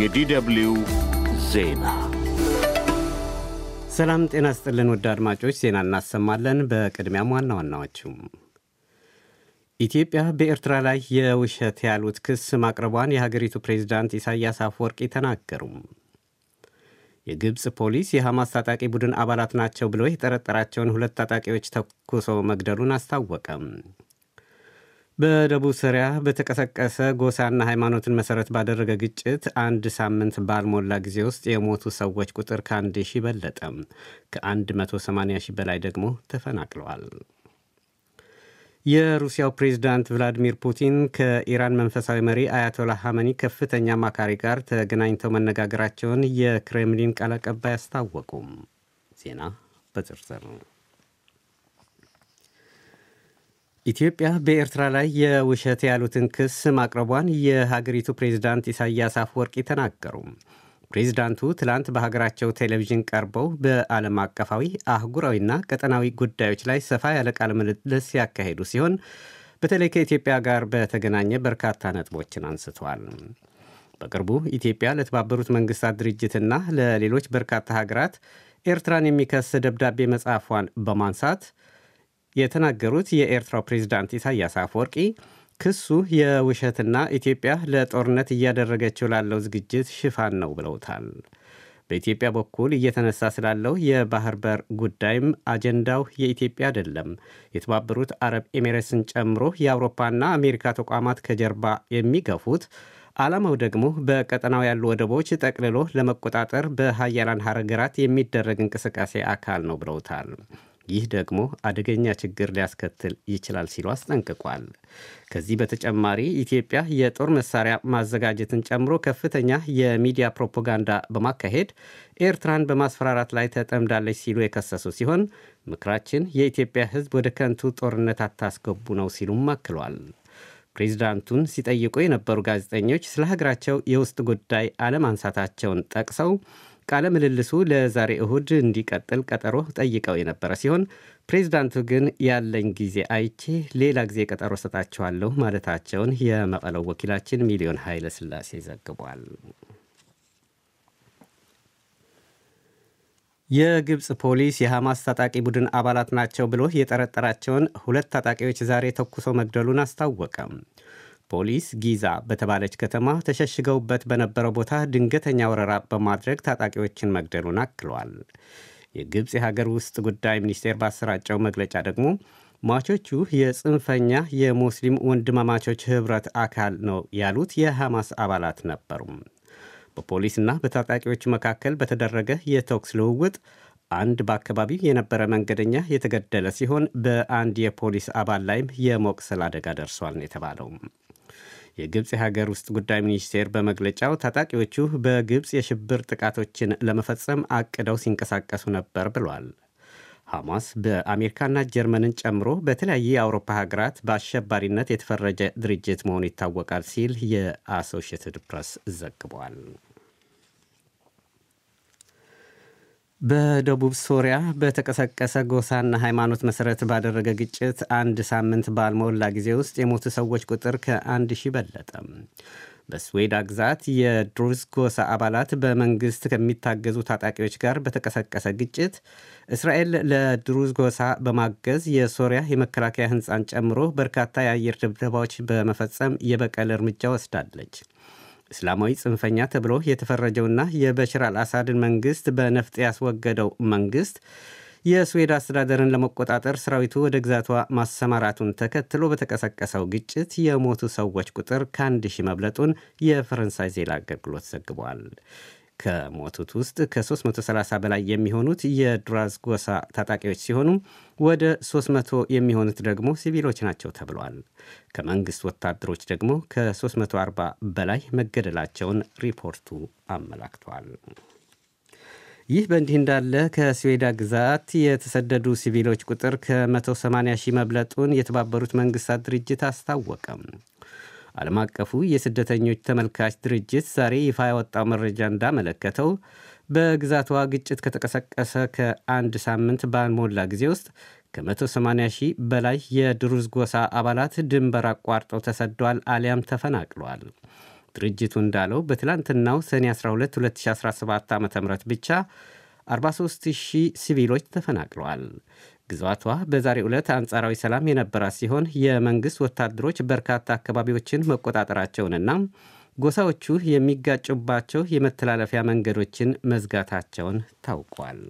የዲደብልዩ ዜና ሰላም ጤና ስጥልን። ውድ አድማጮች ዜና እናሰማለን። በቅድሚያም ዋና ዋናዎችም ኢትዮጵያ በኤርትራ ላይ የውሸት ያሉት ክስ ማቅረቧን የሀገሪቱ ፕሬዚዳንት ኢሳያስ አፈወርቂ ተናገሩም። የግብፅ ፖሊስ የሐማስ ታጣቂ ቡድን አባላት ናቸው ብሎ የጠረጠራቸውን ሁለት ታጣቂዎች ተኩሶ መግደሉን አስታወቀም። በደቡብ ሶሪያ በተቀሰቀሰ ጎሳና ሃይማኖትን መሰረት ባደረገ ግጭት አንድ ሳምንት ባልሞላ ጊዜ ውስጥ የሞቱ ሰዎች ቁጥር ከአንድ ሺህ በለጠ። ከ180 ሺህ በላይ ደግሞ ተፈናቅለዋል። የሩሲያው ፕሬዝዳንት ቭላዲሚር ፑቲን ከኢራን መንፈሳዊ መሪ አያቶላህ ሐመኒ ከፍተኛ አማካሪ ጋር ተገናኝተው መነጋገራቸውን የክሬምሊን ቃል አቀባይ አስታወቁም። ዜና በዝርዝር ኢትዮጵያ በኤርትራ ላይ የውሸት ያሉትን ክስ ማቅረቧን የሀገሪቱ ፕሬዝዳንት ኢሳያስ አፈወርቂ ተናገሩ። ፕሬዝዳንቱ ትላንት በሀገራቸው ቴሌቪዥን ቀርበው በዓለም አቀፋዊ አህጉራዊና ቀጠናዊ ጉዳዮች ላይ ሰፋ ያለ ቃለ ምልልስ ያካሄዱ ሲሆን በተለይ ከኢትዮጵያ ጋር በተገናኘ በርካታ ነጥቦችን አንስተዋል። በቅርቡ ኢትዮጵያ ለተባበሩት መንግስታት ድርጅትና ለሌሎች በርካታ ሀገራት ኤርትራን የሚከስ ደብዳቤ መጻፏን በማንሳት የተናገሩት የኤርትራው ፕሬዚዳንት ኢሳያስ አፈወርቂ ክሱ የውሸትና ኢትዮጵያ ለጦርነት እያደረገችው ላለው ዝግጅት ሽፋን ነው ብለውታል። በኢትዮጵያ በኩል እየተነሳ ስላለው የባህር በር ጉዳይም አጀንዳው የኢትዮጵያ አይደለም፣ የተባበሩት አረብ ኤሚሬትስን ጨምሮ የአውሮፓና አሜሪካ ተቋማት ከጀርባ የሚገፉት ዓላማው ደግሞ በቀጠናው ያሉ ወደቦች ጠቅልሎ ለመቆጣጠር በሀያላን ሀገራት የሚደረግ እንቅስቃሴ አካል ነው ብለውታል። ይህ ደግሞ አደገኛ ችግር ሊያስከትል ይችላል ሲሉ አስጠንቅቋል። ከዚህ በተጨማሪ ኢትዮጵያ የጦር መሳሪያ ማዘጋጀትን ጨምሮ ከፍተኛ የሚዲያ ፕሮፓጋንዳ በማካሄድ ኤርትራን በማስፈራራት ላይ ተጠምዳለች ሲሉ የከሰሱ ሲሆን ምክራችን የኢትዮጵያ ሕዝብ ወደ ከንቱ ጦርነት አታስገቡ ነው ሲሉም አክሏል። ፕሬዚዳንቱን ሲጠይቁ የነበሩ ጋዜጠኞች ስለ ሀገራቸው የውስጥ ጉዳይ አለማንሳታቸውን ጠቅሰው ቃለ ምልልሱ ለዛሬ እሁድ እንዲቀጥል ቀጠሮ ጠይቀው የነበረ ሲሆን ፕሬዚዳንቱ ግን ያለኝ ጊዜ አይቼ ሌላ ጊዜ ቀጠሮ ሰጣቸዋለሁ ማለታቸውን የመቀለው ወኪላችን ሚሊዮን ኃይለ ስላሴ ዘግቧል። የግብፅ ፖሊስ የሐማስ ታጣቂ ቡድን አባላት ናቸው ብሎ የጠረጠራቸውን ሁለት ታጣቂዎች ዛሬ ተኩሶ መግደሉን አስታወቀም። ፖሊስ ጊዛ በተባለች ከተማ ተሸሽገውበት በነበረው ቦታ ድንገተኛ ወረራ በማድረግ ታጣቂዎችን መግደሉን አክሏል። የግብፅ የሀገር ውስጥ ጉዳይ ሚኒስቴር ባሰራጨው መግለጫ ደግሞ ሟቾቹ የጽንፈኛ የሙስሊም ወንድማማቾች ኅብረት አካል ነው ያሉት የሐማስ አባላት ነበሩም። በፖሊስና በታጣቂዎች መካከል በተደረገ የተኩስ ልውውጥ አንድ በአካባቢው የነበረ መንገደኛ የተገደለ ሲሆን በአንድ የፖሊስ አባል ላይም የመቁሰል አደጋ ደርሷል ነው የተባለው። የግብፅ የሀገር ውስጥ ጉዳይ ሚኒስቴር በመግለጫው ታጣቂዎቹ በግብፅ የሽብር ጥቃቶችን ለመፈጸም አቅደው ሲንቀሳቀሱ ነበር ብሏል። ሐማስ በአሜሪካና ጀርመንን ጨምሮ በተለያዩ የአውሮፓ ሀገራት በአሸባሪነት የተፈረጀ ድርጅት መሆኑ ይታወቃል ሲል የአሶሽትድ ፕሬስ ዘግቧል። በደቡብ ሶሪያ በተቀሰቀሰ ጎሳና ሃይማኖት መሰረት ባደረገ ግጭት አንድ ሳምንት ባልሞላ ጊዜ ውስጥ የሞቱ ሰዎች ቁጥር ከአንድ ሺህ በለጠ። በስዌዳ ግዛት የድሩዝ ጎሳ አባላት በመንግሥት ከሚታገዙ ታጣቂዎች ጋር በተቀሰቀሰ ግጭት እስራኤል ለድሩዝ ጎሳ በማገዝ የሶሪያ የመከላከያ ህንፃን ጨምሮ በርካታ የአየር ድብደባዎች በመፈጸም የበቀል እርምጃ ወስዳለች። እስላማዊ ጽንፈኛ ተብሎ የተፈረጀውና የበሽር አልአሳድን መንግስት በነፍጥ ያስወገደው መንግስት የስዌድ አስተዳደርን ለመቆጣጠር ሰራዊቱ ወደ ግዛቷ ማሰማራቱን ተከትሎ በተቀሰቀሰው ግጭት የሞቱ ሰዎች ቁጥር ከአንድ ሺህ መብለጡን የፈረንሳይ ዜና አገልግሎት ዘግቧል። ከሞቱት ውስጥ ከ330 በላይ የሚሆኑት የድራዝ ጎሳ ታጣቂዎች ሲሆኑ ወደ 300 የሚሆኑት ደግሞ ሲቪሎች ናቸው ተብሏል። ከመንግሥት ወታደሮች ደግሞ ከ340 በላይ መገደላቸውን ሪፖርቱ አመላክቷል። ይህ በእንዲህ እንዳለ ከስዌዳ ግዛት የተሰደዱ ሲቪሎች ቁጥር ከ180 ሺህ መብለጡን የተባበሩት መንግሥታት ድርጅት አስታወቀም። ዓለም አቀፉ የስደተኞች ተመልካች ድርጅት ዛሬ ይፋ ያወጣው መረጃ እንዳመለከተው በግዛቷ ግጭት ከተቀሰቀሰ ከአንድ ሳምንት ባልሞላ ጊዜ ውስጥ ከ180 ሺህ በላይ የድሩዝ ጎሳ አባላት ድንበር አቋርጠው ተሰደዋል አሊያም ተፈናቅለዋል። ድርጅቱ እንዳለው በትላንትናው ሰኔ 12 2017 ዓ ም ብቻ 43000 ሲቪሎች ተፈናቅለዋል። ግዛቷ በዛሬው ዕለት አንጻራዊ ሰላም የነበራት ሲሆን የመንግሥት ወታደሮች በርካታ አካባቢዎችን መቆጣጠራቸውንና ጎሳዎቹ የሚጋጩባቸው የመተላለፊያ መንገዶችን መዝጋታቸውን ታውቋል።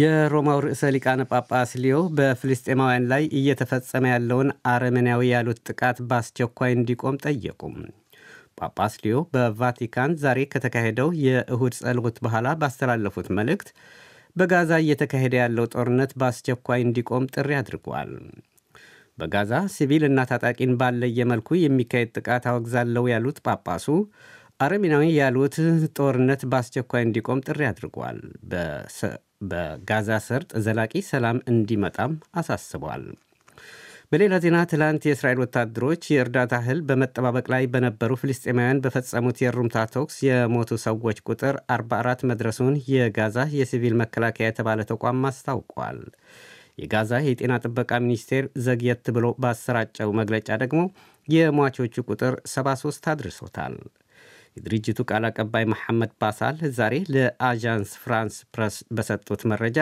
የሮማው ርዕሰ ሊቃነ ጳጳስ ሊዮ በፍልስጤማውያን ላይ እየተፈጸመ ያለውን አረመኔያዊ ያሉት ጥቃት በአስቸኳይ እንዲቆም ጠየቁም። ጳጳስ ሊዮ በቫቲካን ዛሬ ከተካሄደው የእሁድ ጸሎት በኋላ ባስተላለፉት መልእክት በጋዛ እየተካሄደ ያለው ጦርነት በአስቸኳይ እንዲቆም ጥሪ አድርጓል። በጋዛ ሲቪል እና ታጣቂን ባለየ መልኩ የሚካሄድ ጥቃት አወግዛለው ያሉት ጳጳሱ አረሚናዊ ያሉት ጦርነት በአስቸኳይ እንዲቆም ጥሪ አድርጓል። በጋዛ ሰርጥ ዘላቂ ሰላም እንዲመጣም አሳስቧል። በሌላ ዜና ትላንት የእስራኤል ወታደሮች የእርዳታ እህል በመጠባበቅ ላይ በነበሩ ፍልስጤማውያን በፈጸሙት የሩምታ ተኩስ የሞቱ ሰዎች ቁጥር 44 መድረሱን የጋዛ የሲቪል መከላከያ የተባለ ተቋም አስታውቋል። የጋዛ የጤና ጥበቃ ሚኒስቴር ዘግየት ብሎ ባሰራጨው መግለጫ ደግሞ የሟቾቹ ቁጥር 73 አድርሶታል። የድርጅቱ ቃል አቀባይ መሐመድ ባሳል ዛሬ ለአዣንስ ፍራንስ ፕረስ በሰጡት መረጃ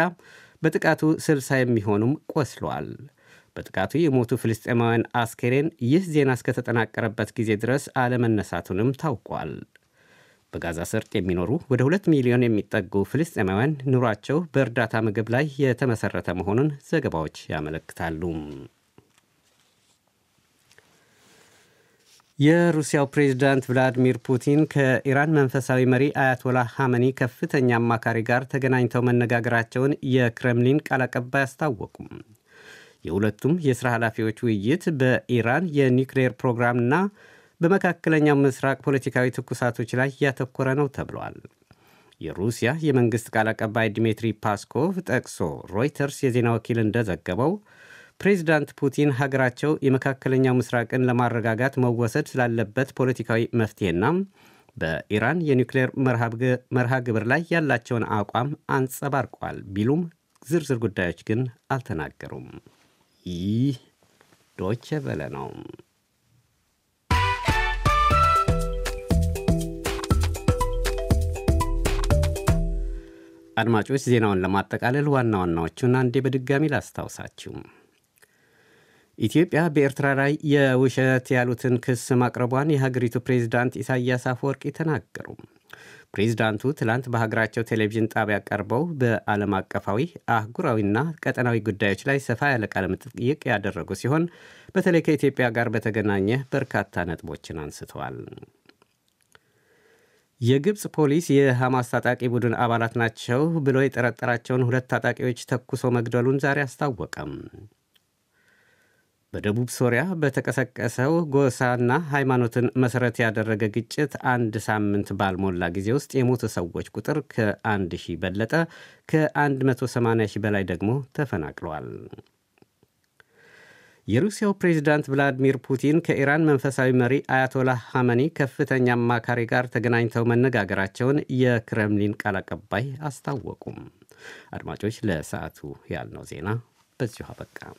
በጥቃቱ ስልሳ የሚሆኑም ቆስሏል። በጥቃቱ የሞቱ ፍልስጤማውያን አስከሬን ይህ ዜና እስከተጠናቀረበት ጊዜ ድረስ አለመነሳቱንም ታውቋል። በጋዛ ሰርጥ የሚኖሩ ወደ ሁለት ሚሊዮን የሚጠጉ ፍልስጤማውያን ኑሯቸው በእርዳታ ምግብ ላይ የተመሠረተ መሆኑን ዘገባዎች ያመለክታሉ። የሩሲያው ፕሬዝዳንት ቭላዲሚር ፑቲን ከኢራን መንፈሳዊ መሪ አያቶላህ ሐመኒ ከፍተኛ አማካሪ ጋር ተገናኝተው መነጋገራቸውን የክሬምሊን ቃል አቀባይ አስታወቁም። የሁለቱም የሥራ ኃላፊዎች ውይይት በኢራን የኒውክሌር ፕሮግራምና በመካከለኛው ምስራቅ ፖለቲካዊ ትኩሳቶች ላይ እያተኮረ ነው ተብሏል። የሩሲያ የመንግሥት ቃል አቀባይ ዲሚትሪ ፓስኮቭ ጠቅሶ ሮይተርስ የዜና ወኪል እንደዘገበው ፕሬዚዳንት ፑቲን ሀገራቸው የመካከለኛው ምስራቅን ለማረጋጋት መወሰድ ስላለበት ፖለቲካዊ መፍትሄና በኢራን የኒውክሌር መርሃ ግብር ላይ ያላቸውን አቋም አንጸባርቋል ቢሉም ዝርዝር ጉዳዮች ግን አልተናገሩም። ይህ ዶቼ በለ ነው። አድማጮች ዜናውን ለማጠቃለል ዋና ዋናዎቹን አንዴ በድጋሚ ላስታውሳችሁ። ኢትዮጵያ በኤርትራ ላይ የውሸት ያሉትን ክስ ማቅረቧን የሀገሪቱ ፕሬዚዳንት ኢሳያስ አፈወርቂ ተናገሩ። ፕሬዚዳንቱ ትላንት በሀገራቸው ቴሌቪዥን ጣቢያ ቀርበው በዓለም አቀፋዊ አህጉራዊና ቀጠናዊ ጉዳዮች ላይ ሰፋ ያለ ቃለ መጠይቅ ያደረጉ ሲሆን በተለይ ከኢትዮጵያ ጋር በተገናኘ በርካታ ነጥቦችን አንስተዋል። የግብፅ ፖሊስ የሐማስ ታጣቂ ቡድን አባላት ናቸው ብሎ የጠረጠራቸውን ሁለት ታጣቂዎች ተኩሶ መግደሉን ዛሬ አስታወቀም። በደቡብ ሶሪያ በተቀሰቀሰው ጎሳና ሃይማኖትን መሠረት ያደረገ ግጭት አንድ ሳምንት ባልሞላ ጊዜ ውስጥ የሞቱ ሰዎች ቁጥር ከ1000 በለጠ፣ ከ180 ሺህ በላይ ደግሞ ተፈናቅሏል። የሩሲያው ፕሬዚዳንት ቭላዲሚር ፑቲን ከኢራን መንፈሳዊ መሪ አያቶላህ ሐመኒ ከፍተኛ አማካሪ ጋር ተገናኝተው መነጋገራቸውን የክሬምሊን ቃል አቀባይ አስታወቁም። አድማጮች፣ ለሰዓቱ ያልነው ዜና በዚሁ አበቃም።